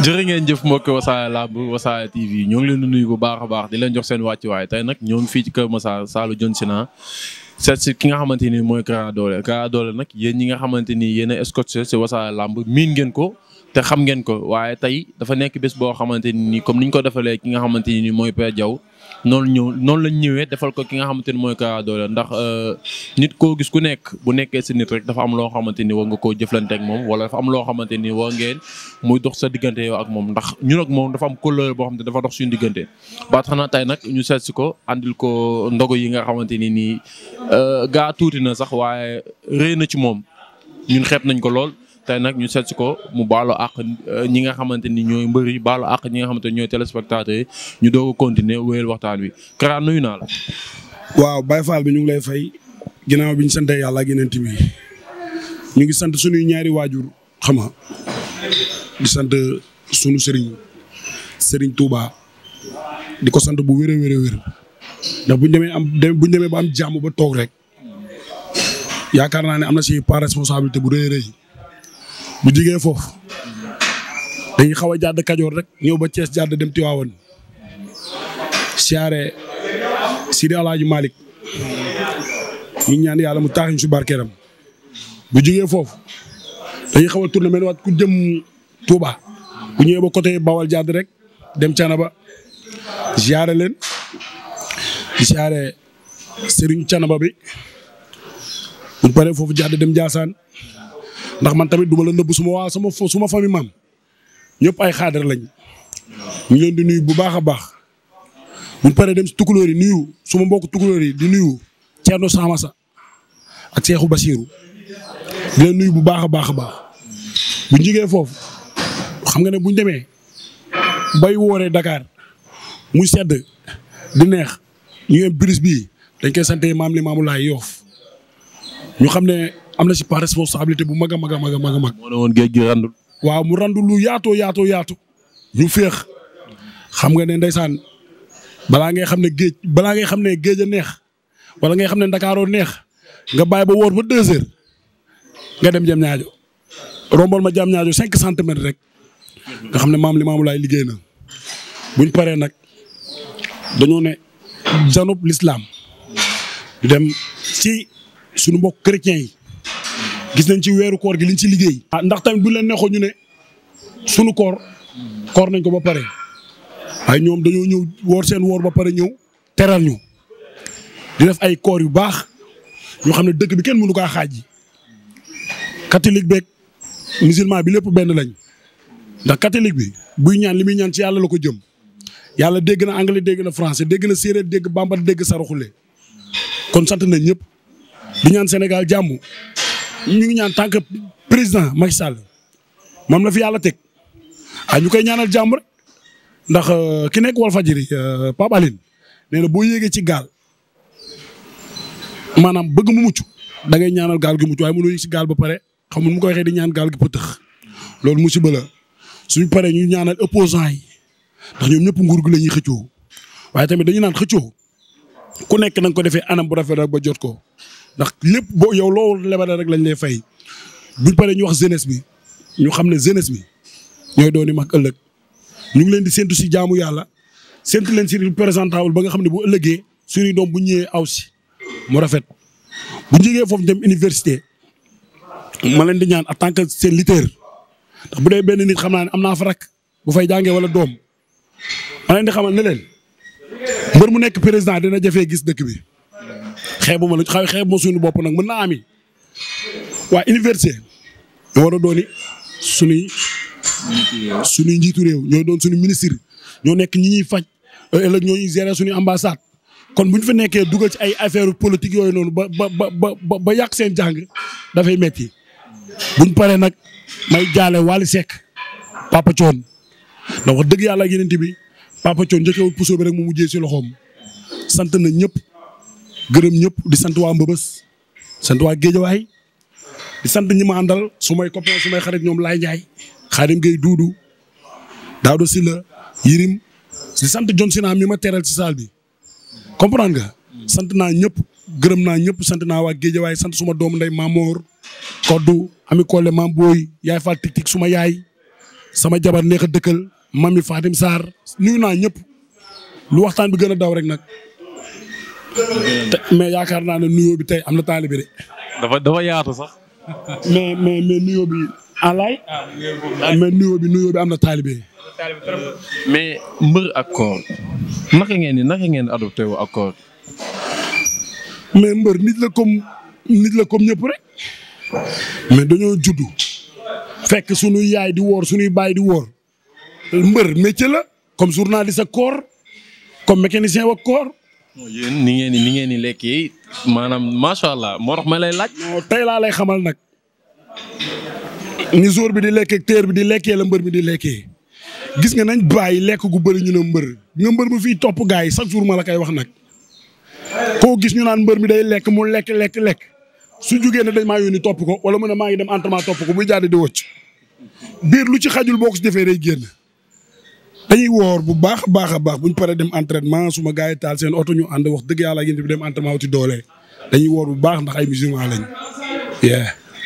jërë ngeen jëf mbokk Wassare Lamb Wassare TV ñoo ngi leen di nuy bu baax a baax di leen jox seen wàccuwaay tey nag ñoom ngi fii ci Kër Massar Saalu jon Sina seet ki nga xamante ni mooy doole Dollé Kara Dollé nag yéen ñi nga xamante ni yéen a scotché si Wassare Lamb miin ngeen ko te xam ngeen ko waaye tey dafa nekk bés boo xamante ni comme niñ ko defalee ki nga xamante ni mooy Père Diaw noonu ñëw noonu lañ ñëwee defal ko ki nga xamante ni mooy Kara doole ndax euh, nit koo gis ku nekk bu nekkee si nit rek dafa am loo xamante ni war nga koo jëflante moom wala dafa am loo xamante ni war ngeen muy dox sa diggante yow ak moom ndax ñun ak moom dafa am kóllëre boo xam ne dafa dox suñu diggante. ba tax na tey nag ñu seet si ko andil ko ndogo yi nga xamante ni nii euh, gaa tuuti na sax waaye rëy na ci moom ñun xeeb nañ ko lool. tey nag ñu seet ko mu baalo àq euh, ñi nga xamante ni ñooy mbër yi baalu ñi nga xamante ni ñooy téléspectateurs yi ñu doog a continuer wéyal waxtaan wi Kara nuyu naa la. waaw Baye Fall bi ñu ngi lay fay ginnaaw bi sant yàlla ak yeneen ñu ngi sant suñuy ñaari waajur xam nga di sant sunu sëriñ sëriñ Touba di ko sant bu wér a wér ndax bu ñu demee am bu ñu demee ba am jàmm ba toog rek yaakaar naa ne am na si part responsabilité bu rëy rëy bu jigee foofu dañuy xaw a jàdd kajoor rek ñëw ba cees jàdd dem Tiwaawan siyaare Sidi Alaaji Malick ñu ñaan yàlla mu taaxiñ su keram bu jigee foofu dañuy xaw a tourné mel waat ku jëm tuuba bu ñëwee ba côté Bawal jàdd rek dem Canaba siyaare leen siyaare Serigne Canaba bi bu paree foofu jàdd dem Ndiassane ndax man tamit du ma la nëbb suma waa sama suma famille maam ñëpp ay xaadar lañ mu leen di nuyu bu baax a baax bu paree dem si yi nuyu suma mbokku tukulóor yi di nuyu Thierno Samassa ak Cheikhou Bassirou di bu baax a baax a baax bu jigee foofu xam nga ne bu demee bay wooree Dakar muy sedd di neex ñu ngi am brise bii dañ koy sante maam li maamu laay yoof ñu xam ne am na si part responsabilité bu mag a mag a mag a woon géej waaw mu randu lu yaato yaatoo yaatu. ñu féex xam nga ne ndeysaan balaa ngay xam ne géej balaa ngay xam ne géej a neex wala ngay xam ne ndakaaro neex nga bàyyi ba woor ba deux heures nga dem jam ñaajo rombal ma jam ñaajo cinq centimètres rek nga xam ne maam li maamu laay liggéey na buñ paree nag dañoo ne janub l'islam dem ci suñu mbokk chrétien yi gis nañ ci weeru koor gi liñ ci liggéey. ah ndax tamit bu leen neexoon ñu ne sunu koor koor nañ ko ba pare waaye ñoom dañoo ñëw woor seen woor ba pare ñëw teral ñu di def ay koor yu baax yoo xam ne dëkk bi kenn mënu kaa xaaj catholique beeg musulman bi lépp benn lañ ndax catholique bi buy ñaan li muy ñaan ci yàlla la ko jëm yàlla dégg na anglais dégg na français dégg na séeréer dégg bambara dégg saraxule kon sant nañ ñëpp di ñaan Sénégal jàmm. ñu ngi ñaan tant que président Macky Sall moom la fi yàlla teg a ah, ñu koy ñaanal jàmm ndax euh, ki nekk Walfadjri euh, Pape Aline nee na boo yéegee ci gaal maanaam bëgg mu mucc da ngay ñaanal gaal gi mucc waaye mënoo yéeg si gaal ba pare xam nu mu ko waxee di ñaan gaal gi pëtëx loolu musiba la suñu paree ñu ñaanal opposant yi ndax ñoom ñëpp nguur gi la xëccoo waaye tamit dañu naan xëccoo ku nekk na ko defee anam bu rafet rek ba jot ko. ndax lépp boo yow loo lebale rek lañu lay fay buñ paree ñu wax jeunesse bi ñu xam ne jeunesse bi ñooy dooni mag ëllëg ñu ngi leen di séntu si jaamu yàlla séntu leen si présentable ba nga xam ne bu ëllëgee suñuy doom bu ñëwee aw si mu rafet. bu njëgee foofu dem université ma leen di ñaan a tant seen lutteur ndax bu dee benn nit xam naa ne am naa fa rak bu fay jàngee wala doom ma leen di xamal ne leen mbër mu nekk président dina jafee gis dëkk bi. xeebu ma la xaw xeebu suñu bopp nag mën naa ami waa université ñoo war a doon njiitu réew ñoo doon suñu ministre ñoo nekk ñi ñuy faj ëllëg ñoo ñuy gérer suñu ambassade kon bu ñu fa nekkee dugal ci ay affaire politique yooyu noonu ba ba ba ba seen jàng dafay metti buñ paree nag may jaale Wally Seck Papa Thione ndax wax dëgg yàlla ak yeneen bi Papa Thione njëkkewul puso bi rek mu mujjee si loxoom sant na ñëpp. gërëm ñëpp di sant waa Mbëbës sant waa Géejawaay di sant ñi ma àndal su may copain su xarit ñoom Laay Njaay Xaadim Gey Duudu Daawdo Silla Yirim di sant John Sina mi ma teral si saal bi comprendre sant naa ñëpp gërëm naa ñëpp sant naa waa Géejawaay sant suma doomu nday Mamoor Koddu Ami Kole Mam Booy yaay Fall Tik Tik suma yaay sama jabar neexa a dëkkal mami Fatim Sarr nuyu naa ñëpp lu waxtaan bi gën a daw rek nag Eh. mais yaakaar naa ne nuyoo bi tey am na taalibe de. dafa dafa yaatu sax. mais mais mais nuyoo bi. alaay ah, mais nuyoo bi nuyoo bi taalibe. mais mbër ak koor naka ngeen ni naka ngeen adopté wu ak koor mais mbër nit la comme nit la comme ñëpp dañoo juddu. fekk suñuy yaay di woor suñuy baay di woor. mbër métier la comme journaliste ak koor comme mécanicien ak koor. yéen ni ngeen ni ngeen di lekkee maanaam macha allah moo tax ma lay laaj. non tey laa lay xamal nag ni bi di lekkee teer bi di lekkee la mbër mi di lekkee gis nga nañ bàyyi lekk gu bëri ñu ne mbër nga mbër bu fii topp gars yi chaque jour ma la koy wax nag. koo gis ñu naan mbër mi day lekk mu lekk lekk lekk su jugee ne dañ maa yónni topp ko wala mu ne maa ngi dem entraînement topp ko muy jaade di wëcc biir lu ci xajul boo ko si defee day génn. dañuy woor bu baax a baax a baax buñ ñu paree dem entraînement su ma gars yi taal seen oto ñu ànd wax dëgg yàlla ak yéen dem entraînement wuti doole dañuy woor bu baax ndax ay musulman lañ.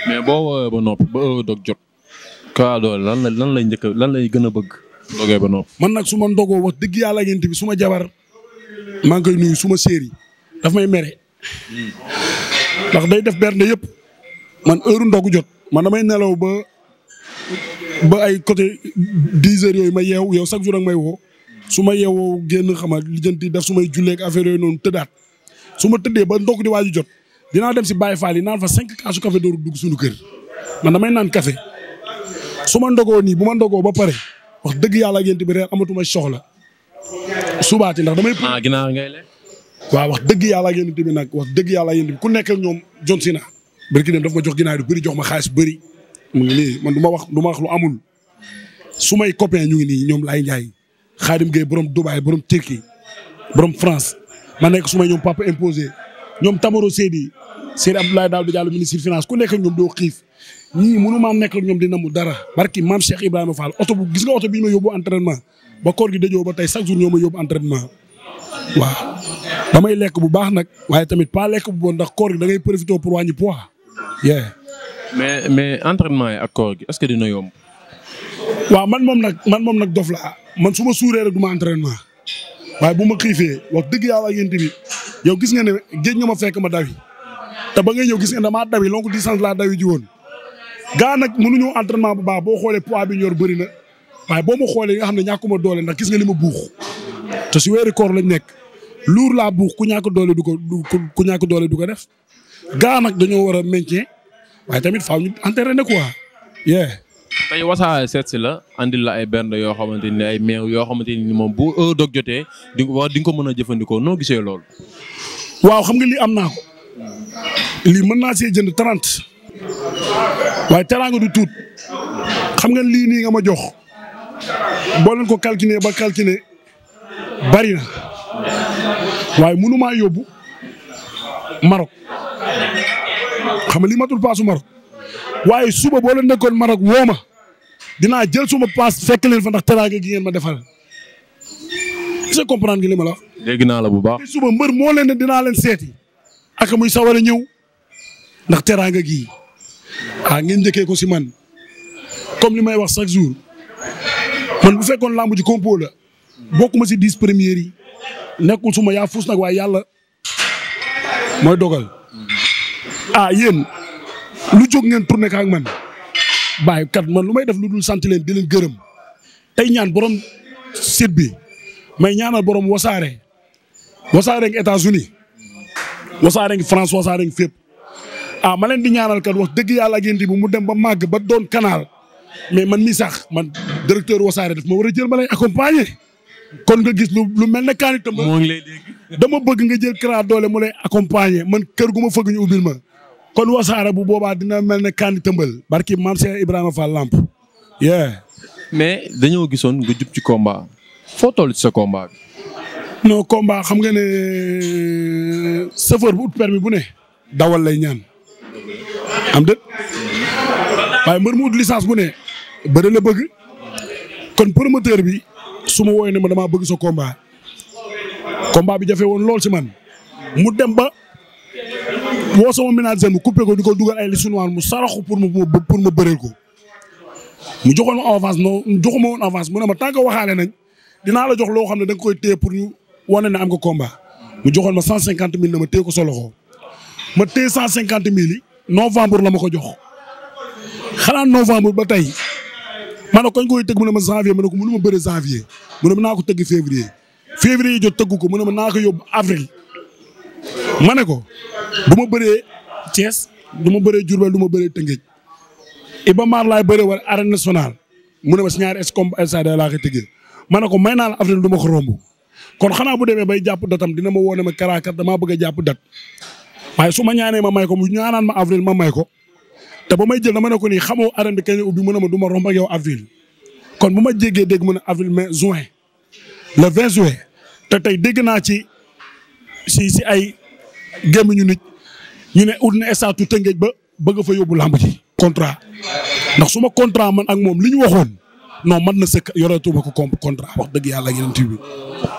mais boo woowee ba noppi ba heure jot. kaa lan lan lay njëkk lan lay gën a bëgg. dogee ba noppi. man nag suma ma ndogoo wax dëgg yàlla ak bi su ma jabar maa ngi koy nuyu su séeri daf may mere. ndax day def bernde yëpp man heure ndogu jot man damay nelaw ba ba ay côté dix heures yooyu ma yeew yow chaque jour ak may woo su ma yeewoo génn xama lijjanti def su may julleeg affaire yooyu noonu tëddaat su ma tëddee ba ndokk di waaju jot dinaa dem si Baye Fall yi naan fa cinq kaasu café dooru dugg suñu kër man damay naan café su ma ndogoo nii bu ma ndogoo ba pare wax dëgg yàlla ak yéen bi reer amatuma soxla subaati ndax damay. ah ginnaaw ngay lekk. waaw wax dëgg yàlla ak yéen bi nag wax dëgg yàlla ak yéen bi ku nekk ak ñoom John Sina. barki dem daf ma jox ginaar yu bëri jox ma xaalis bëri mu ngi nii man du wax du ma wax lu amul su may copain ñu ngi nii ñoom Laye Ndiaye Khadim Gueye borom Dubaay borom Turquie borom France ma nekk su may ñoom papa imposé ñoom Tamaro Seydi Seydi Abdoulaye Daouda Diallo ministre finance ku nekk ñoom doo xiif ñii mënu maa nekk ñoom dina mu dara barki maam Cheikh Ibrahima Fall oto bu gis oto bi ñu ma yóbbu entraînement ba koor gi dajoo ba tey chaque jour ñoo ma yóbbu entraînement waaw may lekk bu baax nag waaye tamit pas lekk bu bon ndax koor da ngay profité pour mais mais entraînement yi ak koor gi est-ce que dina yomb. waaw man moom nag man moom nag dof laa man su ma suuree rek du ma entraînement waaye bu ma xiifee wax dëgg yàlla ak yéen tamit yow gis nga ne géej nga ma fekk ma dawi te ba ngay ñëw gis nga damaa dawi longue distance laa dawi ji woon. gaa nag mënuñoo entraînement bu baax boo xoolee poids bi ñor bëri na waaye boo ma xoolee nga xam ne ñàkkuma doole ndax gis nga li ma buux te si weeri koor lañ nekk luur laa buux ku ñàkk doole du ko ku ñàkk doole du ko def gaa nag dañoo war a maintien waaye tamit faaw ñu ne quoi yeah. tey wasaare seet la andil la ay bernde yoo xamante ni ay meew yoo xamante ni moom bu heure doog jotee di nga di nga ko mën a jëfandikoo noo gisee lool waaw xam nga lii am naa ko lii mën naa see jënd trente waaye teraanga du tuut xam nga lii nii nga ma jox boo leen ko calculer ba calculer bari waaye mënumaa yóbbu Maroc xam nga li matul paasu Maroc waaye suba boo leen nekkoon Maroc woo ma dinaa jël suma paas fekk leen fa ndax teraange gi ngeen ma defal est comprendre nga li ma la wax. dégg naa la bu baax suba mbër moo leen ne dinaa leen seeti ak muy sawar a ñëw ndax teraanga gii ah ngeen njëkkee ko si man comme li may wax chaque jour kon bu fekkoon lamb ji compo la bokkuma si dix premiers yi nekkul suma yaa fuus nag waaye yàlla mooy dogal. ah yéen lu jóg ngeen tourné ka ak man bàyyi kat man lu may def lu dul sant leen di gërëm tey ñaan borom sit bi may ñaanal borom wasaare wasaare ngi États-Unis wasaare ngi France wasaare ngi fépp ah ma leen di ñaanal kat wax dëgg yàlla ak bu mu dem ba màgg ba doon canal mais man mii sax man directeur wasaare daf ma war a jël ma lay accompagner. kon nga gis lu lu mel ne Kaani Tamba. moo bëgg nga jël Kara Dollé mu lay accompagner man kër gu ma fëgg ñu ubbil kon wasaare bu boobaa dina mel ne kaani tëmbal barki maam Cheikh Ibrahima Fall Lamp. mais dañoo gisoon nga jub ci combat foo toll ci sa combat bi. non xam nga ne euh, chauffeur bu ut permis bu ne dawal lay ñaan am dët waaye mbër mu ut licence bu ne bëri bëgg kon promoteur bi suma ma wooyee ne ma damaa bëgg sa combat combat bi jafe woon lool si man mu dem woo sama ménagère mu coupé ko di ko dugal ay li sunuwaar mu saraxu pour mu pour mu bëreel ko mu joxoon ma avance non joxuma woon mu ne ma tant que waxaale nañ dinaa la jox loo xam ne da nga koy téye pour ñu wane ne am nga combat mu joxoon ma cent cinquante mille na ma téye ko sa loxo ma téye cent cinquante mille yi novembre la ma ko jox xanaa novembre ba tey ma ne ko koy tëgg mu ne ma janvier ma ne ko mënu ma bëre janvier mu ne ma naa ko teg février février yi jot tëgg ko mu ne ma naa ko yóbbu avril ma ne ko du ma bëree Thiès du ma bëree Diourbel lu ma bëree Tëngéej Iba Mar laay bëree war arène nationale mu ne ma si ñaari escombe stade laa koy tëggee ma ne ko may naa la avril du ma ko romb kon xanaa bu demee bay jàpp datam dina ma woo ma karaakat damaa bëgg a jàpp dat waaye su ma ñaanee ma may ko mu ñaanaan ma avril ma may ko te ba may jël dama ne ko nii xamoo arène bi kañ ubbi mu ne ma du ma romb ak avril kon bu ma jéggee dégg mu ne avril mai juin le 20 juin te tey dégg naa ci si si ay ñu nit ñu ne ut na estatu Tëngéej ba bëgg fa yóbbu làmb ji contrat ndax suma contrat man ak moom li ñu waxoon non man na sëkk yoreetuma ko contrat wax dëgg yàlla yeneen bi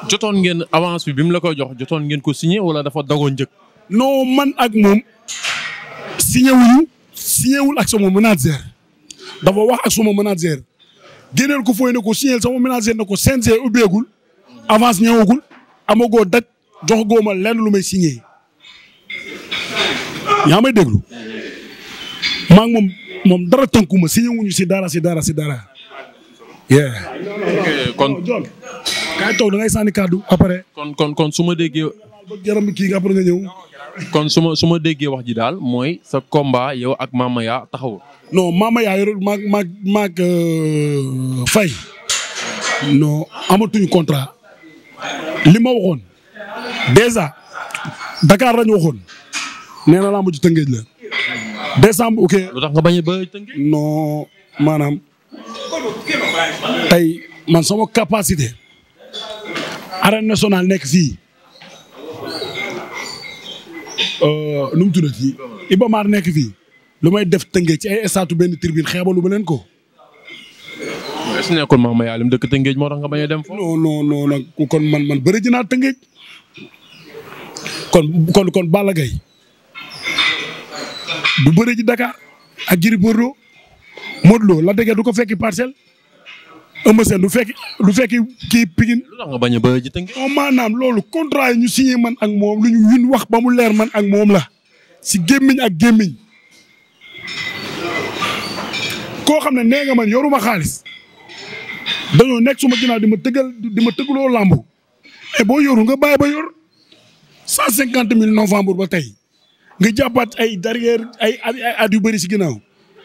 jotoon ngeen avance bi bi mu la koy jox jotoon ngeen ko signé wala dafa dagoon njëkk. non man ak moom signé wuñu signé wul ak sama manager dafa wax ak sama manager génneel ko fooy ne ko signé sama manager ne ko CNG ubbeegul avance ñëwagul amagoo daj jox góoma lenn lu may signé. yaa déglu maa ngi moom moom dara tënku ma signé wuñu si dara si dara si dara. kon oh, kaay toog da ngay sànni kàddu après. kon kon kon su ma déggee. yaram kii nga après nga ñëw. kon su ma su ma déggee wax ji daal mooy sa combat yow ak Mama Yaa taxawul. non Mama Yaa yorul maag euh, amatuñu contrat. li ma waxoon. déjà Dakar lañu waxoon. nee na lamb ji tëngeej la décembre ok. lu tax nga bañ a ba tëngeej. non maanaam tey man sama capacité. arène nationale nekk fii euh, nu mu tuddati Iba Mar nekk fii lu may def tëngeej ci ay statu benn tribune xeebalu ma leen ko. est-ce que nekkul Mama dëkk Tëngéej moo tax nga bañ dem foofu. non non kon man man bëri ji naa Tëngéej kon kon kon du bëre ji Dakar ak Gris Bordeaux Modou la dégg du ko fekki parcelle Eumeu Sène du fekki du fekki kii Pikine. lu tax bañ a bëre ji tënk. non maanaam loolu contrat yi ñu signé man ak moom lu ñu win wax ba mu leer man ak moom la si gémmiñ ak gémmiñ koo xam ne nee nga man yoruma xaalis dañoo nekk suma ginnaaw di ma tëggal di ma tëggloo làmb mais boo yoru nga bàyyi ba yor cent cinquante mille novembre ba tey. nga jàppaat ay derrière ay at yu bëri si ginnaaw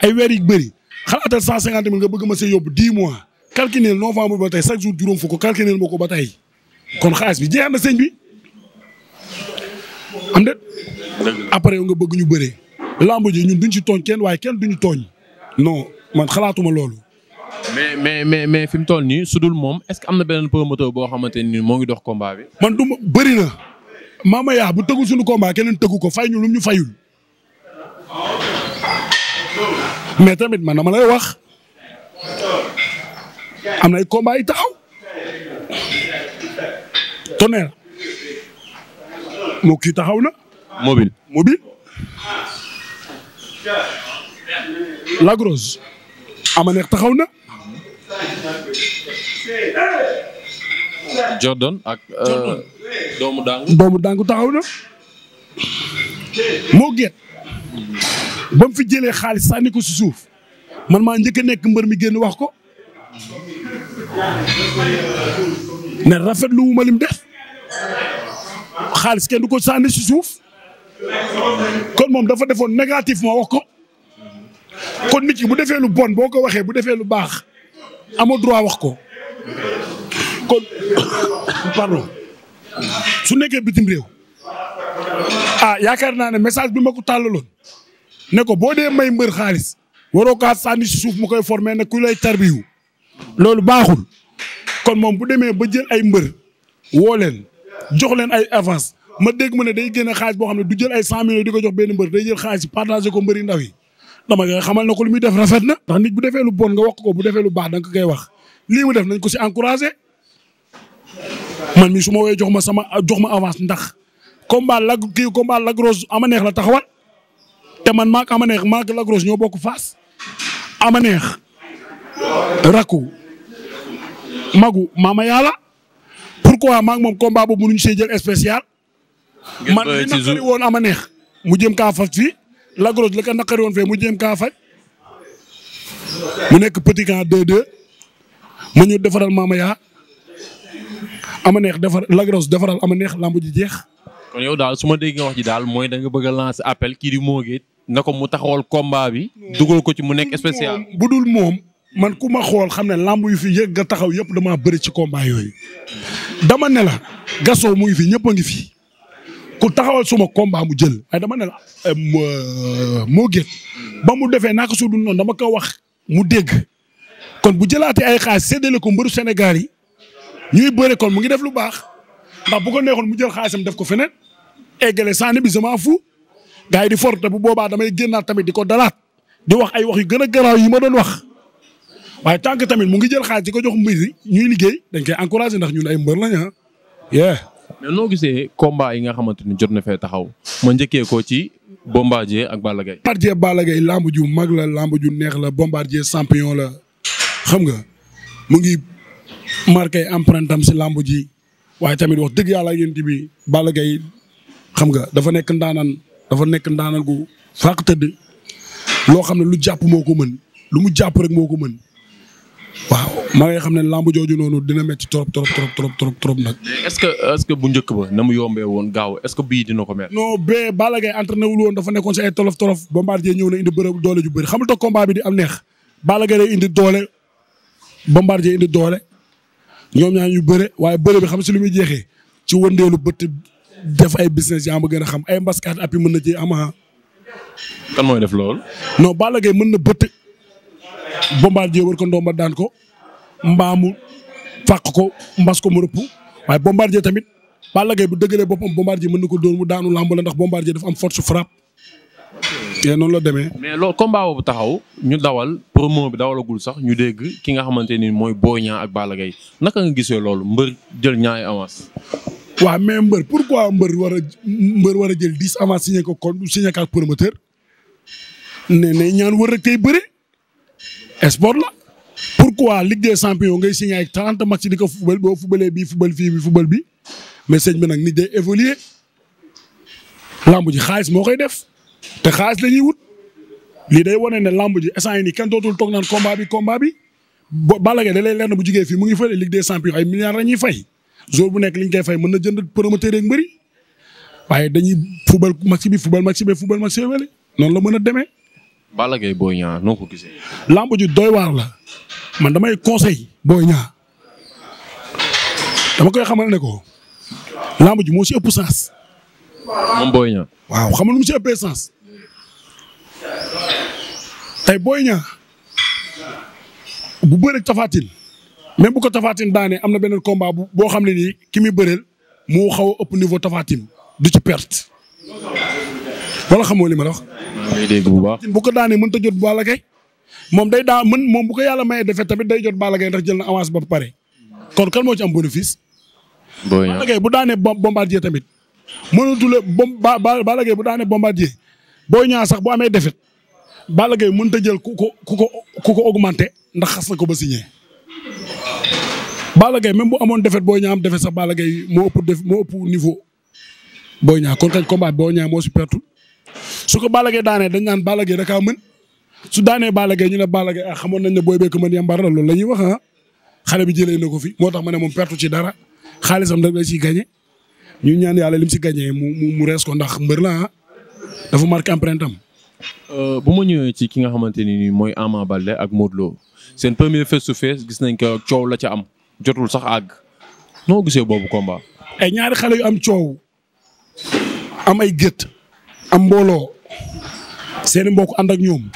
ay weer yu bëri xalaatal cent cinquante mille nga bëgg ma see yóbbu dix mois calculer novembre ba tey chaque jour juróom fukk calculer ma ko ba tey kon xaalis bi jeex na sëñ bi am de après yow nga bëgg ñu bëree lamb ji ñun duñ ci tooñ kenn waaye kenn duñu tooñ non man xalaatuma loolu mais mais mais fi mu toll nii su dul moom est-ce que am na beneen promoteur boo xamante ni moo ngi dox combat bi man du ma bëri na Mama Yaa bu tëggul suñu combat keneen tëggu ko fay ñu lu ñu fayul. mais tamit man dama lay wax am na ay combat yi taxaw Tonnerre moo kii taxaw na. mobile mobile. Lac Rose neex taxaw na. Jordan ak. Euh, Jordan doomu Dangu. taxaw na. moo geet ba mu fi jëlee xaalis sànni ko si suuf man maa njëkk a nekk mbër mi génn wax ko ne rafetlu wu ma lim xaalis kenn du ko sànni si suuf kon moom dafa defoon négatif ma wax ko kon nit ki bu defee lu bon boo ko waxee bu defee lu baax amoo droit wax ko kon pardon su nekkee bitim réew ah yaakaar naa ne message bi ma ko tàllaloon ne ko boo dee may mbër xaalis waroo kaa sànni si suuf mu koy formé ne ku lay tarbiyu loolu baaxul kon moom bu demee ba jël ay mbër woo leen jox leen ay avance ma dégg mu ne day génne xaalis boo xam ne du jël ay cent millions di ko jox benn mbër day jël xaalis partagé ko mbëri ndaw yi dama nga xamal na ko lu muy def rafet na. ndax nit bu defee lu bon nga wax ko bu defee lu baax da nga koy wax lii mu man mi su ma woowee jox ma sama jox ma avance ndax combat lag kii ama neex la taxawal te man maak ama neex maak Lac ñoo bokk faas ama neex rakku magu maama yàlla pourquoi maak moom combat boobu mënuñu see jël spécial. man li woon ama neex mu jëm ka faj fii Lac Rose la woon fee mu jëm kaa faj mu nekk petit camp 2-2 mu ñu defaral yaa ama neex defar Lac Rose defaral ama neex lamb ji jeex. kon yow daal suma ma déggee wax ji daal mooy danga nga bëgg appel kii di Mo Gates na ko mu taxawal combat bi. dugal ko ci mu nekk spécial. bu dul moom man ku ma xool xam ne làmb yu fi yëg nga taxaw yëpp damaa bëri ci combat yooyu. dama ne la gasoo mu ngi fi ñëpp a ngi fi ku taxawal suma komba mu jël ay dama ne la. Euh, euh, ba mu defee naa ko su dul noonu dama ko wax mu dégg kon bu jëlaatee ay xaas séddale ko mbëru Sénégal yi. ñuy bëre kon mu ngi def lu baax ndax bu ko neexoon mu jël sam def ko feneen eggale saani bi sama fu gars yi di forte bu boobaa damay génnaat tamit di ko dalaat di wax ay wax yu gën a garaaw yi ma doon wax. waaye tant tamit mu ngi jël xaalis di ko jox mbir ñuy liggéey dañ koy encouragé ndax ñun ay mbër lañ ah. mais noo gisee combat yi nga xamante ni jot na fee taxaw ma njëkkee ko ci Bombardier ak Balla Gaye. Bombardier Balla Gaye lamb mag la lamb ju neex la Bombardier champion la xam nga marqué empreinte am si lamb ji waaye tamit wax dëgg yàlla yéen bi Balla Gaye xam nga dafa nekk ndaanan dafa nekk ndaanan gu fàq tëdd loo xam ne lu jàpp moo ko mën lu mu jàpp rek moo ko mën waaw maa ngi xam ne lamb jooju noonu dina métti trop trop trop trop trop trop nag. est-ce que est bu njëkk ba na mu yombee woon gaaw est-ce que bii dina ko mel. non bee Balla Gaye wul woon dafa nekkoon si ay tolof tolof Bombardier ñëw na indi bërëb doole ju bëri xam nga combat bi di am neex Balla Gaye indi doole Bombardier indi doole ñoom ñaar yu bëre waaye bëre bi xam si lu muy jeexee ci wëndeelu bët def ay business yaa ma gën a xam ay mbaskaat api mën na ci ama ah. kan mooy def lool non Balla Gaye mën na bëtt Bombardier wër ko ndomba daan ko mbaamu faq ko mbas ko mu rëpp waaye Bombardier tamit Balla Gaye bu dëggalee boppam Bombardier mën na ko dóor mu daanu làmb la ndax Bombardier dafa am force frappe. te noonu la demee. mais loolu combat boobu taxaw ñu dawal promo bi dawalagul sax ñu dégg ki nga xamante ni mooy Boy Niang ak Balla naka nga gisee loolu mbër jël ñaari avance. waaw mais mbër pourquoi mbër war mbër wara jël dix avance signé ko kon signé ko ak promoteur ne ne ñaan wër rek tey bëre sport la. pourquoi Ligue des champions ngay signé ak trente match di ko football boo footballee bii football fii bi football bi mais sëñ bi nag nit day évoluer lamb ji xaalis moo koy def. te xaalis la ñuy wut lii day wane ne lamb ji instant yii nii kenn dootul toog naan combat bi combat bi ba Balla Gaye da lay leer na bu jugee fii mu ngi fële Ligue des champions ay milliards la ñuy fay jour bu nekk liñ koy fay mën na jënd promoteur yeeg mbëri waaye dañuy fubal match bi fubal match bi fubal match bi noonu la mën a deme Balla booy Boy Niang noo ko gisee. lamb ji doy waar la man damay conseil Boy Niang dama koy xamal ne ko lamb ji moo si ëpp sens. moom Boy Niang. waaw xam nga lu mu ci ëppee sens tey Boy Niang bu bëreeg Tapha Tine même bu ko Tapha Tine am na beneen combat boo xam ne nii ki muy bëreel moo xaw a ëpp niveau Tapha Tine du ci perte. wala xamoo li ma la wax. ngay dégg bu baax. a jot Balla Gaye moom day daa mën moom bu ko yàlla mayee defee tamit day jot Balla Gaye ndax jël na avance ba pare kon kan moo ci am bénéfice. Boy bu daanee bombardier tamit. mënatul a ba ba Balla Gaye bu daane bombardier booy ñaa sax amee defet Balla Gaye mënut a jël ku ko ku ndax xas na ko ba signé. Balla Gaye même bu amoon defet booy ñaa am defet sax Balla moo ëpp def moo ëpp niveau booy ñaa kon kañ combat booy ñaa moo si pertu su ko Balla daanee dañ naan Balla Gaye da kaa mën su daanee Balla Gaye ñu ne Balla Gaye ah, xamoon nañ ne booy beeg mën yàmbar la loolu la ñuy wax ah xale bi jëlee na ko fi moo tax ma ne moom pertu ci dara xaalisam rek la si gagné. ñu ñaan yàlla lim si gagné mu mu mu rees ko ndax mbër la ah. dafa marqué empreinte am. Euh, bu ma ñëwee ci ki nga xamante ni nii mooy Ama Baldé ak Modou Lo seen premier face to face gis nañ ko coow la ca am jotul sax àgg noo gisee boobu combat. ay ñaari xale yu am coow am ay gét am mbooloo seeni mbokk and ak ñoom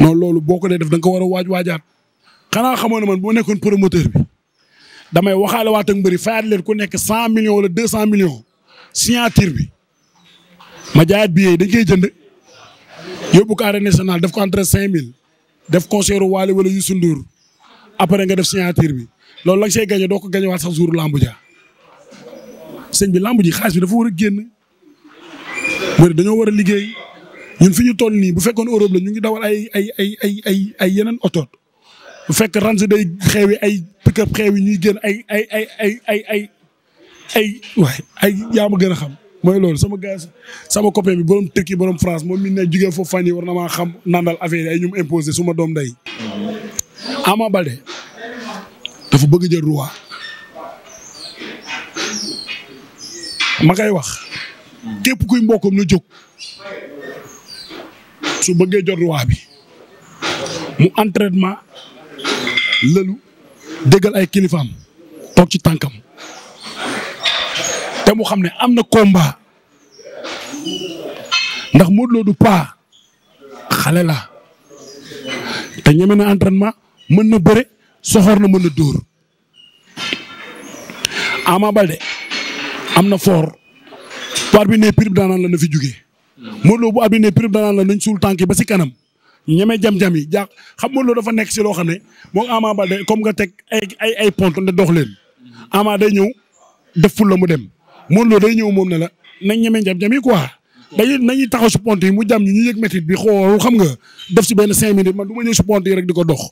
noonu loolu boo ko dee def da nga ko war a waaj waajaat xanaa xamoon ne man boo nekkoon promoteur bi. damay waxaale waat ak mbëri fayaat leen ku nekk cent millions wala deux cent millions signature bi ma jaayaat bi dañ koy jënd yóbbu ko arène nationale def ko entre cinq mille def concert Wally wala Youssou Ndour après nga def signature bi loolu la nga see gagné doo ko gagné waat sax jour lambu ja sëñ bi lambu ji xaalis bi dafa war a génn mbëri dañoo war a liggéey ñun fi ñu toll nii bu fekkoon Europe la ñu ngi dawal ay ay ay ay ay ay yeneen otoot fekk ransi day xeewi ay pick-up ñu ñuy génn ay ay ay ay ay ay ay waay yaa ma gën a xam mooy loolu sama gars sama copain bi borom Turquie borom France moom mi ne jugee foofu fan yi war na maa xam nandal affaire yi ay ñu mu imposé su ma doom day Ama Baldé dafa bëgg jël roi ma wax képp kuy mbokkam na jóg su bëggee jot roi bi mu entraînement lëlu déggal ay kilifaam toog ci tànkam te mu xam ne am na komba ndax Modou du paa xale la te ñeme na entraînement mën na bëre soxor na mën na dóor Ama Baldé am na fort bu arbitre bi nee prib daanaan la na fi jugee Modou Lo bu arbitre bi nee prib daanaan la nañ suul tànk yi ba si kanam ñeme jam-jam yi jaax xam nga loolu dafa nekk si loo xam ne moom Ama Baldé comme nga teg ay ay pont ne dox leen Ama day ñëw def ful la mu dem moom loolu day ñëw moom ne la na ñemee jam-jam yi quoi dañuy nañuy taxaw si pont yi mu jam ñu ñu yëg métit bi xool xam nga def si benn cinq minutes man du ma ñëw si pont yi rek di ko dox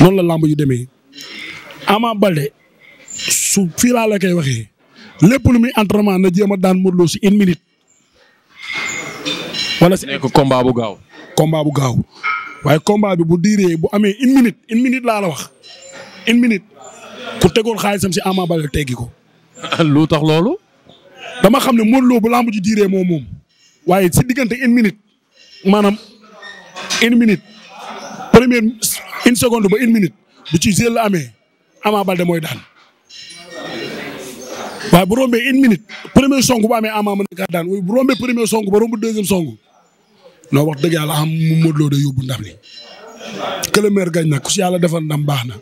noonu la làmb yu demee Ama Baldé su fii laa la koy waxee lépp lu muy entraînement na jéem a daan Modou si une minute. wala si nekk combat bu gaaw. combat bu gaaw waaye combat bi bu diiree bu amee une minute une minute laa la wax une minute ku tegoon xaalisam si Ama Baldé teggi ko. lu tax loolu. dama xam ne Modou Lo bu lamb ji diiree moom moom waaye si diggante une minute maanaam une minute première une seconde ba une minute bu ci jël la amee Ama mooy daan. waaye bu rombee une minute premier song bu amee Ama mën na daan bu rombee premier song ba romb deuxième song non wax dëgg yàlla xam mu Modou Lo day yóbbu ndam li que le gañ nag ku si yàlla defal ndam baax na.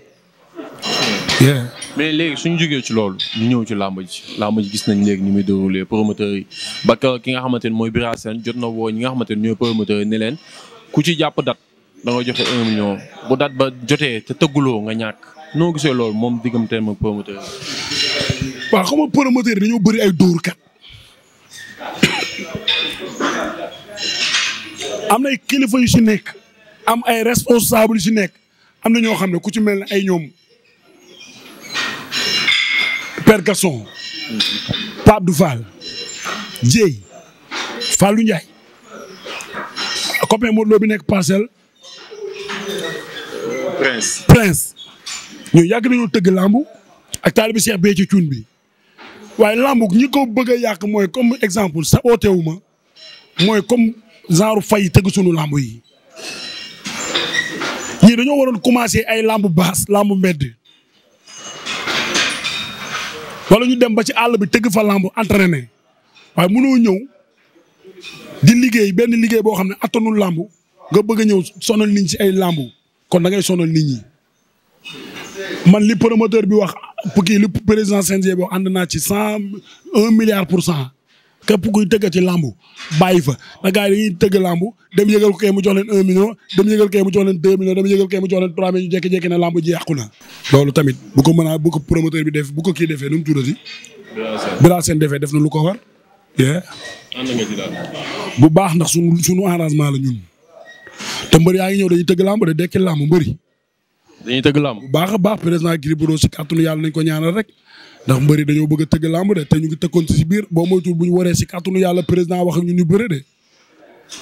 mais léegi suñ jógee ci loolu ñu ñëw ci làmb ji gis nañ léegi ni muy déroulé promoteur yi ba ki nga xamante ne mooy Bira Sène jot na woo ñi nga xamante ne ñooy promoteur yi leen ku ci jàpp date da nga joxe un million bu date ba jotee te tëgguloo nga ñàkk noo gisee loolu moom digganteem ak promoteur yi. waaw xam promoteur dañoo bëri ay dóorkat am na ay kilifa yu si nekk am ay responsable yu si nekk am na ñoo xam ne ku ci mel ne ay ñoom Père Gasson Pape Dou Fall Dieye Fallou Ndiaye copain Modou Lo bi nekk parcelle Prince Prince ñoo yàgg nañoo tëgg làmb ak taalibi Cheikh Béthio Thioune bi waaye làmb ñi ko bëgg a yàq mooy comme exemple sa ootewu ma mooy comme genre fay tëgg sunu lamb yi ñii dañoo waroon commencé ay lamb baas lamb mbedd wala ñu dem ba ci àll bi tëgg fa lambu entraîné waaye mënoo ñëw di liggéey benn liggéey boo xam ne attanul lamb nga bëgg a ñëw sonal nit ci ay lamb kon da ngay sonal nit ñi man li promoteur bi wax kii li président CNG bi wax naa ci cent un milliard pour cent. képp kuy tëgg ci làmbu bàyyi fa na gars yi dañuy tëgg làmbu dem yëgal ko mu jox leen un million dem yëgal kay mu jox leen deux millions dem yëgal kay mu jox leen trois millions ñu jékki-jékki ji yàqu na. loolu tamit bu ko mën a bu ko promoteur bi def bu ko kii defee nu mu tuddati. Bira seen defee def na lu ko war. ànd bu baax ndax sunu sunu arrangement la ñun. te mbër yaa ngi ñëw dañuy tëgg làmb de dekki làmb mbëri. dañuy tëgg làmb. bu baax a baax président Gris Bordeaux si kàttanu yàlla nañ ko ñaanal rek ndax mbëri dañoo bëgg tëgg làmb de te ñu ngi tëkkoon si biir boo moytuwul bu ñu waree si kàttanu yàlla président wax ak ñu ñu bëre de.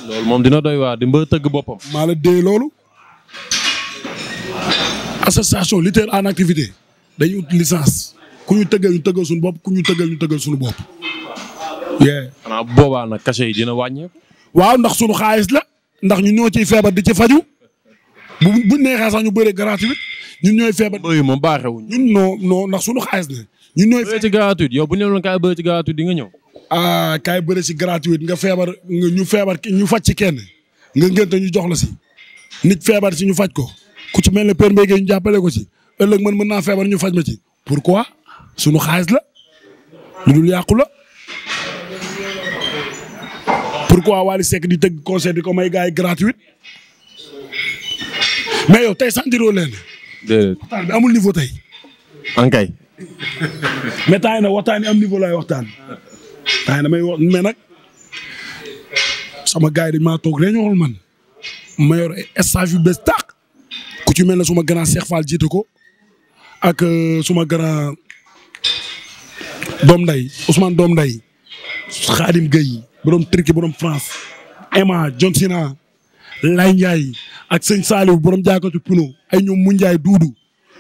loolu moom dina doy waa di mbër tëgg boppam. maa la dee loolu. association lutteur en activité dañu ut licence ku ñu tëgga ñu tëggal suñu bopp ku ñu tëggal ñu tëggal suñu bopp. yee. xanaa boobaa nag cachet yi dina wàññeeku. waaw ndax suñu xaalis la ndax ñu ñoo ciy feebar di ci faju bu bu neexee sax ñu bëree gratuit ñun ñooy feebar. mbër yi moom baaxewuñ ñun non non ndax suñu xaalis ñu ñooy. bëre ci gratuite yow bu ñu doon kaay bëre ci di nga ñëw. ah kaay bëre ci gratuite nga feebar ñu feebar ñu faj ci kenn nga ta ñu jox la si nit feebar si ñu faj ko ku ci mel ne Père Mbengue ñu jàppale ko si ëllëg man mën naa feebar ñu faj ma ci. pourquoi sunu xaalis la lu dul yàqu la pourquoi Wally sek di tëgg concert di ko may gars yi gratuite mais yow tey sentiroo leen. amul niveau tey. ankay mais temps yi nag waxtaan yi am niveau laay waxtaan temps yi damay wax mais nag sama gars maa toog réunion man ma yor stage yu bees tàq ku ci mel ne suma grand Cheikh Fall jiite ko ak euh, suma grand doom nday Ousmane doom nday Khadim Gueye borom Turquie borom France Emma John Sina Lay ak sëñ Saliou borom jaakatu Pino ay ñoom mu Ndiaye duudu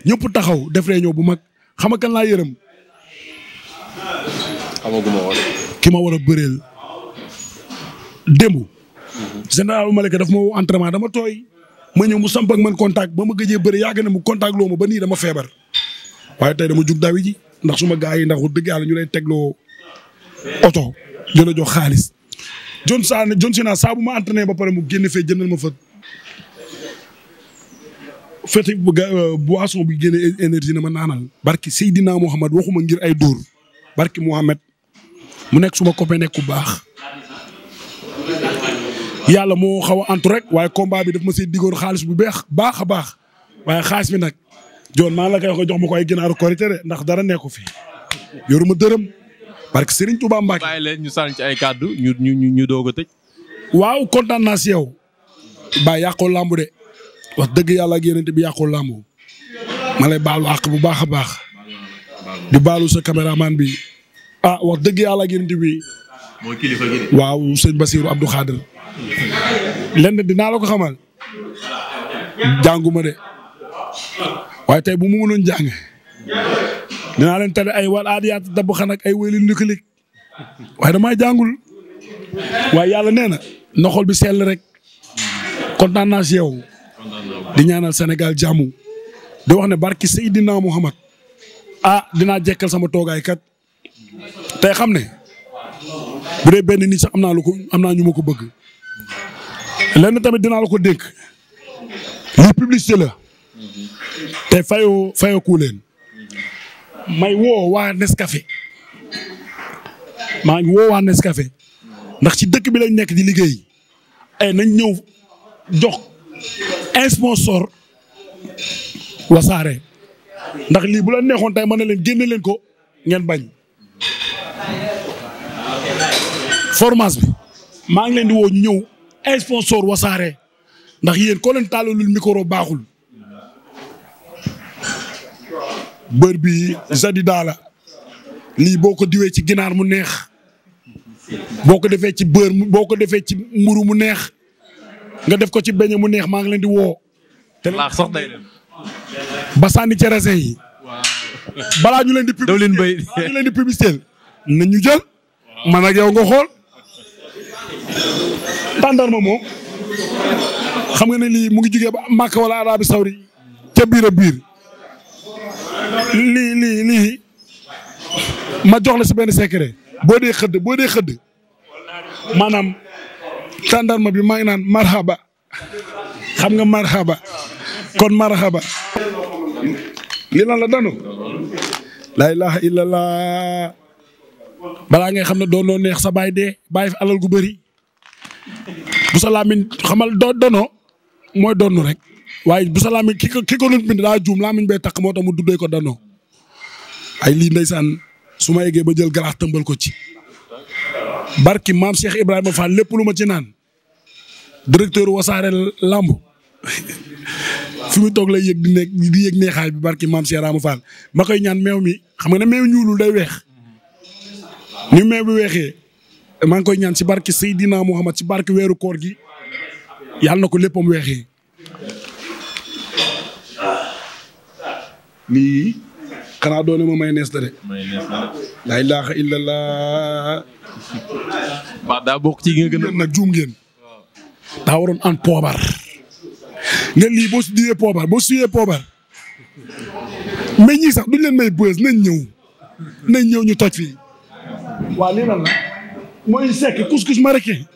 ñëpp taxaw def réunion bu mag xam nga kan laa yërëm. xamaguma ki ma war a bëreel. démb. général Malika daf ma woo dama tooy. ma ñëw mu samp ak man contact ba ma gëjee bëri yàgg na mu contact loo ma ba nii dama feebar. waaye tey dama jug dawi ji ndax suma gars yi ndax wax dëgg yàlla ñu lay tegloo oto. di la jox xaalis. John Sane John naa saa bu ma entraîné ba pare mu génn fee jëndal ma fa fexe euh, boisson bi génne e-, énergie na ma naanal. barki Seydina Mohamed waxuma ngir ay dóor barki Mohamed mu nekk suma copain nekk ku baax. yàlla moo xaw a antu rek waaye combat bi daf ma see diggoon xaalis bu beex baax a baax waaye xaalis bi nag joon maa la koy wax jox ma ko ay ginaaru korite de ndax dara nekku fi yoruma dërëm parce que Serigne Touba Mbacke. bàyyi ñu sànni ci ay kàddu ñu ñu ñu doog a tëj. waaw kontaan naa si yow. ba yàqoo làmb de wax dëgg yàlla ak yeneen bi yàqul làmb ma lay baalu bu baax a baax di baalu sa caméraman bi ah wax dëgg yàlla ak yeneen bi mooy kilifa gi waaw sëñ Basirou Abdou dinaa la ko xamal jànguma de waaye tey bu mu mënoon jàng dinaa leen tane ay wal aadiyaat dabb xan ak ay wéyli nukilik waaye damaa jàngul waaye yàlla nee na noxol bi sell rek kontaan naa si yow di ñaanal Sénégal jàmm di wax ne barki Seydina Muhammad ah dinaa jekkal sama toogaay kat tey xam ne bu benn nit sax am naa lu ko am naa ñu ma ko bëgg lenn tamit dina la ko dénk lii publicité la te fayoo fayoo ku leen may woo waa Nescafé maa ngi woo waa Nescafé ndax ci dëkk bi lañ nekk di liggéey ay eh, nañ ñëw jox sponsor wasaare ndax lii bu la neexoon tey mën na leen génne leen ko ngeen bañ formance bi maa ngi leen di woo ñëw sponsor wasaare ndax yéen koo leen mikro baaxul bër bi jadida la lii boo ko ci ginaar mu neex boo ko bër boo ko defee mu neex nga def ko ci beñe mu neex maa ngi leen di woo. te laax sax day ba sànni ci yi. balaa ñu leen di. dawlin leen di publicité na ñu jël. man ak yow nga xool. ma moom xam nga ne lii mu ngi jugee ba màkk wala arabi sawri ca biir a lii lii ma jox la si benn secret boo dee xëdd boo dee xëdd maanaam. tàndarma bi maa ngi naan marhaba xam nga marhaba kon marhaba li lan la danu laa ilaha illallah balaa ngay xam ne doon loo neex sa baay dee bàyyi fi alal gu bëri bu sa xamal doo donoo mooy donnu rek waaye bu sa laamin ki ko ki ko nit bind daa juum laamin bay takk moo tax mu duddee ko danoo ay lii ndeysaan su ma eggee ba jël garaax tëmbal ko ci barki maam Cheikh Ibrahima Fall lépp lu ma ci naan directeur wasaare lamb fi mu toog la yëg di nekk di yëg neexaay bi barki maam Cheikh Ibrahima Fall ma koy ñaan meew mi xam nga ne meew ñuulul day weex ni meew bi weexee maa ngi koy ñaan ci barki Seydina Muhammad ci barki weeru koor gi yàlla na ko léppam weexee lii xanaa doone ma mayonnaise la de. la de. laa ilaaha illallah. waaw ci nga gën a. nag juum ngeen. daa waroon an poobar. nga lii boo suyee poobar boo suyee poobar. mais ñii sax duñ leen may bës nañ ñëw. nañ ñëw ñu toj fii. waa lii lan la. mooy sekk couscous marocain.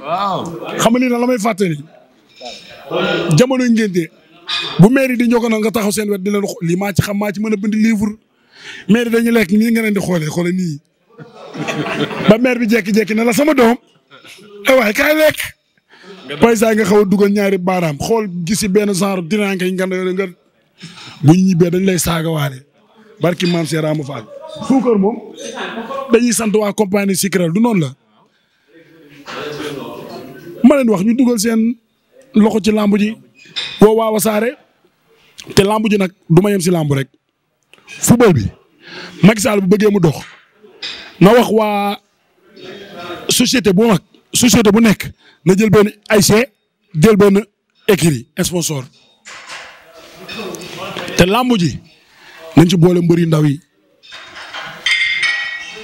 waaw xam nga lii lan la may fàttali. bu mairie di ñoo ko nga taxaw seen wet di leen li maa ci xam maa ci mën a bind livre mairie dañuy lekk nii nga leen di xoolee xoole nii ba maire bi jékki-jékki na la sama doom eh waay kaay lekk. paysa nga xaw a dugal ñaari baaraam xool gisi benn genre dinaanke yi nga nga bu ñu ñibbee dañ lay saagawaale barki maam Seera ma faal. suukar moom dañuy sant waa compagnie sucrière du noonu la ma leen wax ñu dugal seen loxo ci làmb ji. boo waa wasaare te lamb ji nag du ma si lamb rek football bi Macky Sall bu bëggee mu dox na wax waa société bu mag bu nekk na jël ay c jël benn écurie sponsor te lamb ji nañ ci boole mbër yu ndaw yi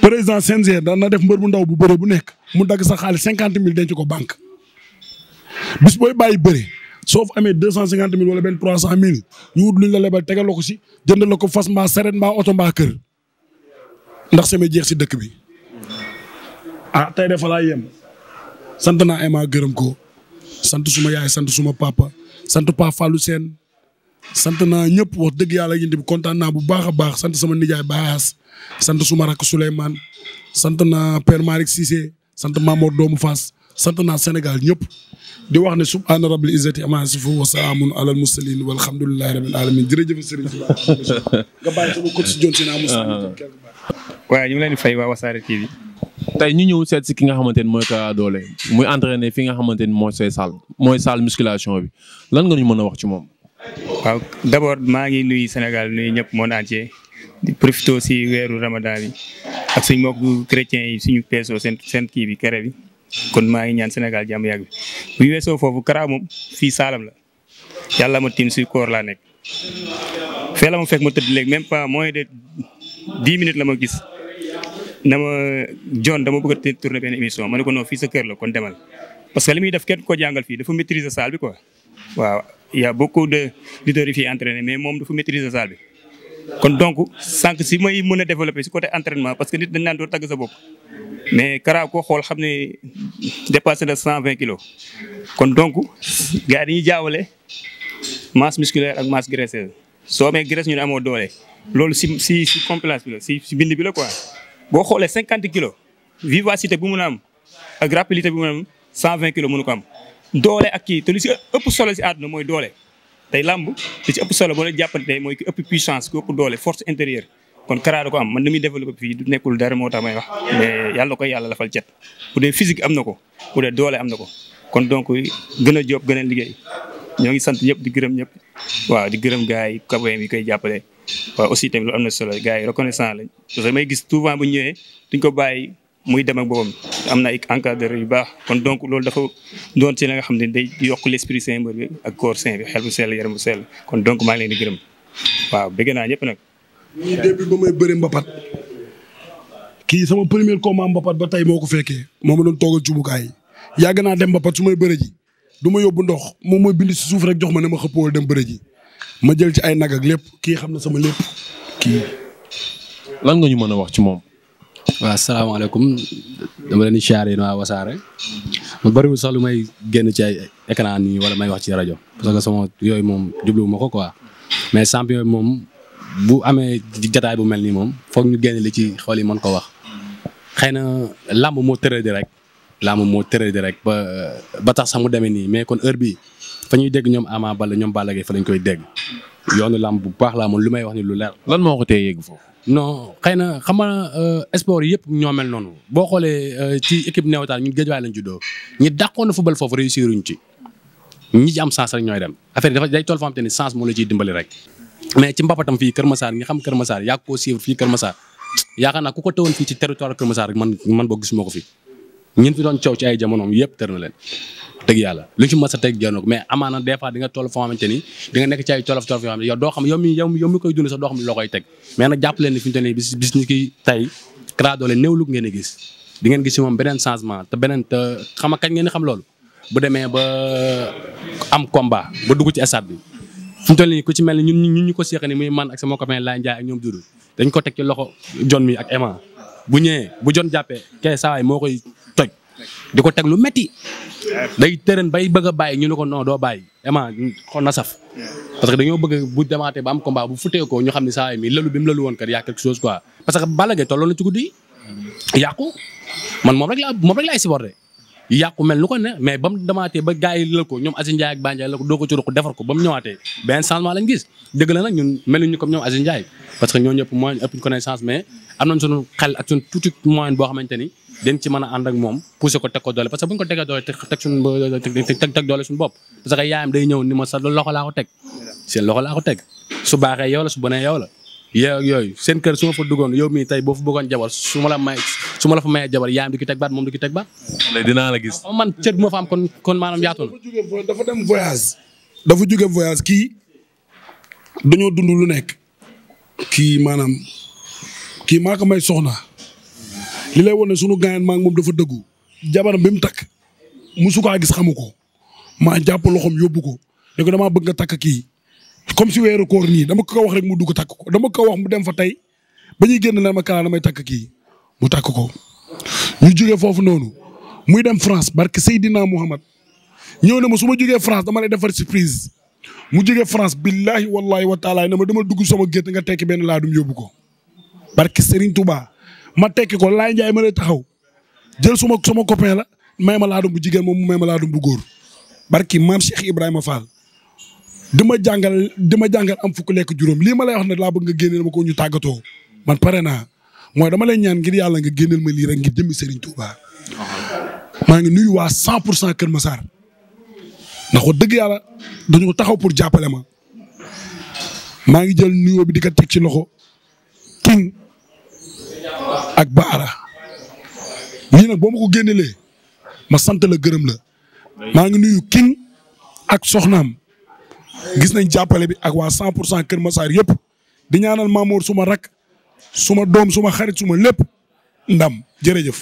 président CNG daan na def mbër bu ndaw bu bëre bu nekk mu dagg sax xaalis cinquante mille denc ko banque bis booy bàyyi bëre soo amee deux cent cinquante mille wala benn trois cent mille ñu wut luñ la lebal tegal la ko si jënd la ko fas mbaa saret mbaa oto mbaa kër ndax sama jeex si dëkk bi ah tey dafa laa yem sant naa Emma gërëm ko sant suma yaay sant suma papa sant Pa falu seen sant naa ñëpp wax dëgg yàlla yéen bu kontaan naa bu baax a baax santi sama nijaay Baas sant suma rakk Souleymane sant naa Père Malick Cissé sant Mamour doomu fas sant naa Sénégal ñëpp di wax ne subhaana rabbil izzati amma yasifuun wa salaamun alal mursaliin walhamdulillahi rabbil aalamiin jërëjëf Serigne Touba waaye ñu ngi leen di fay waa Wassare TV tey ñu ñëw seet si ki nga xamante ni mooy Kara Dollé muy entraîné fi nga xamante ni mooy say salle mooy salle musculation bi lan nga ñu mën a wax ci moom. waaw d'abord maa ngi nuyu Sénégal nuyu ñëpp monde entier di profité si weeru Ramadan bi ak suñ mbokku chrétiens yi suñu peesoo seen seen kii bi kere bi. kon maa ngi ñaan Sénégal jàmm yàgg bi bu weesoo foofu Kara moom fii Saalam la yàlla ma tiim si koor laa nekk. fee la ma fekk ma tëdd léegi même pas mooy de dix minutes la ma gis na ma John dama bëgg a tourner benn émission ma ne ko non fii sa kër la kon demal parce que li muy def kenn ko jàngal fii dafa maîtriser salle bi quoi waaw a beaucoup de leaders yi fii entraîné mais moom dafa maîtriser salle bi. kon donc sànq si may mën a développer si côté entraînement parce que nit dañ naan doo tagg sa bopp mais Kara koo xool xam ne dépassé na cent vingt kilos kon donc gars yi dañuy jaawale masse musculaire ak masse graisseuse soo amee graisse ñu ne amoo doole loolu si si si compliance bi si bind bi la quoi boo xoolee cinquante kilos vivacité bu mun a am ak rapidité bu mun a am cent vingt ko am doole ak kii te lu si ëpp solo si àdduna mooy doole. tey làmb li ci ëpp solo boo leen jàppante tey mooy ëpp puissance ku ëpp doole force intérieure kon Kara ko am man ni muy développé du nekkul dara moo tax may wax mais koy yàlla lafal cet bu dee physique am na ko bu dee doole am na ko kon donc gën a jóob liggéey ñoo ngi sant ñëpp di gërëm ñëpp waaw di gërëm gars yi kaboyam yi koy jàppale waaw aussi tamit lu am na solo gars yi reconnaissant lañ parce bu ñëwee duñ ko bàyyi muy dem ak boppam am na ay encadreur yu baax kon donc loolu dafa doon ci la nga xam ne day yokk l'esprit saint mbër bi ak corps saint bi xel bu sell yaram bu sell kon donc maa leen gërëm waaw bëgg naa ñëpp nag. ba may bëri mbapat kii sama premier combat mbapat ba tey moo ku fekkee moo ma doon toogal jubukaay yàgg naa dem mbapat su may bëri ji du ma yóbbu ndox moom ma bind si suuf rek jox ma ne ma xëppoo dem bëri ji ma jël ci ay nag ak lépp kii xam na sama lépp kii. lan nga ñu mën a wax ci moom. waaw salaamaaleykum dama leen di siyaare yéen waa wasaare ma bëriwul sax lu may génn ci ay écran nii wala may wax ci rajo parce que sama yooyu moom jubluwuma ko quoi mais samp yooyu moom bu amee jataay bu mel nii moom foog ñu génn li ci xool yi mën ko wax xëy na làmb moo tërë di rek làmb moo tërë di rek ba ba tax sax mu demee nii mais kon heure bi fa ñuy dégg ñoom Ama Baldé ñoom Balla Gaye fa lañ koy dégg yoonu làmb bu baax laa moom li may wax ni lu leer. lan moo ko tee yegg foofu. non xëy na xam nga euh, sport yëpp ñoo mel noonu boo xoolee euh, ci équipe néewtaan ñun géej waay lañ juddoo ñi dàqoon na football foofu réussir uñ ci ñi ci am sens rek ñooy dem affaire dafa day toll foo xam te ni sens moo la ciy dimbali rek. mais ci mbapatam fii Kër Masar nga xam Kër Masar yaa ko suivre fii Kër Masar yaakaar naa ku ko teewoon fii ci territoire Kër Masar saar man man boo gis moo ko fi ñun fi doon coow ci ay jamonoom yëpp tër na dëgg lu ci mës a teg jëloon mais amaana des fois di nga toll foo ni di nekk ci ay tolof tolof yoo doo xam yow mi koy dund sax doo xam loolu bu demee ba am combat ba dugg ci stade bi fi ku ci mel ni ñun ñu ko seeqe muy man ak sama copain Laye Ndiaye ak ñoom Doudou dañ ko teg ci loxo jon mi ak Emma bu ñëwee bu jon jàppee kay saa di ko teg lu metti day tërën bay bëgg a ñu ne ko non doo bàyyi vraiment xon na saf parce que dañoo bëgg bu demaatee ba am combat bu futee ñu xam ne saa yi mi lalu bi mu lalu woon kat yaa quelque chose quoi parce que Balla tolloon na ci guddi yàqu man moom rek laa moom rek mel nu ko ne mais ba ba gars yi lal ko ñoom Aziz Ndiaye ba mu ñëwaatee benn changement lañ gis dëgg la nag ñun meluñu comme ñoom Aziz Ndiaye parce que ñoo ñëpp moyen ëpp connaissance boo xamante ni den ci mën a ànd ak moom pousser ko teg ko doole parce que bu ñu ko tegee doole teg suñu teg doole suñu bopp parce que yaayam day ñëw ni ma sa loxo laa ko teg seen loxo laa ko teg su baaxee yow la su bonee yow la yooyu seen kër su ma fa yow mii tey boo fa bëggoon jabar su ma may su la fa mayee jabar yaayam di ki teg baat moom di ki teg baat dinaa la gis man cër bu ma am kon kon maanaam yaatu na dafa dem voyage dafa jóge voyage kii dañoo dund lu nekk kii maanaam kii ko may soxna li lay wan ne sunu gaañan maa moom dafa dëggu jabaram bi mu takk musu kaa gis xamu ko maa jàpp loxoom yóbbu ko ne damaa bëgg nga takk kii comme si weeru koor nii dama ko wax rek mu dugg takk ko dama ko wax mu dem fa tey ba ñuy génn na ma kalaa may takk kii mu takk ko ñu jógee foofu noonu muy dem France barke Seydina Muhammad ñëw na ma su ma jógee France dama lay defar surprise mu jugee France billahi wallahi wa taala ne ma dama dugg sama gétt nga tekki benn laa yóbbu ko barke Serigne Touba ma tekki ko laay njaay ma lay taxaw jël suma suma copain la may ma laadum bu jigéen moom mu may ma laadum bu góor barki maam Cheikh Ibrahima Fall di ma jàngal di ma jàngal am fukk lekk juróom lii ma lay wax ne laa bëgg nga génneel ma ko ñu tàggatoo man pare naa mooy dama lay ñaan ngir yàlla ngi génneel ma lii rek ngir jëmmi Serigne Touba. maa ngi nuyu waa 100 pour cent Kër Massar ndax wax dëgg yàlla dañoo taxaw pour jàppale ma maa ngi jël nuyoo bi di ko teg ci loxo king ak baara lii nag boo ma ko génnelee ma sant la gërëm la maa ngi nuyu king ak soxnaam gis nañ jàppale bi ak waa cent pour cent Kër Massar yëpp di ñaanal Mamour suma rak suma doom suma xarit suma lépp ndam jërëjëf.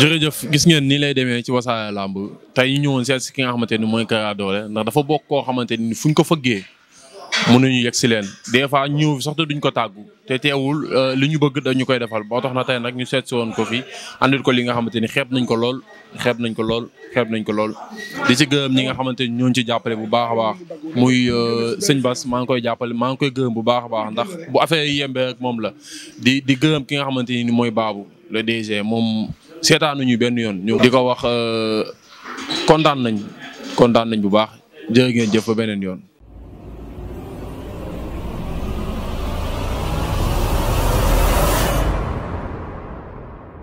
jërëjëf gis ngeen nii lay demee ci wasaare làmb tey ñu ñëwoon seet si ki nga xamante ni mooy Kara Dollé ndax dafa bokk koo xamante ni fuñ ko fëggee. mënuñu yegg si leen des fois ñëw sax duñ ko tàggu te teewul euh, li ñu bëgg dañu koy defal boo tax na tey nag ñu seet si woon ko fi andil ko li nga xamante ni xeeb nañ ko lool xeeb nañ ko lool xeeb nañ ko lool di si gërëm ñi nga xamante ni ñooñu ci jàppale bu baax a baax muy euh, sëñ Bas maa ngi koy jàppale maa ngi koy gërëm bu baax a baax ndax bu affaire yi moom la di di gërëm ki nga xamante ni mooy baabu le DG moom seetaanuñu benn yoon ñu di ko wax euh, kontaan nañ kontaan nañ bu baax jërë ngeen jëf ba beneen yoon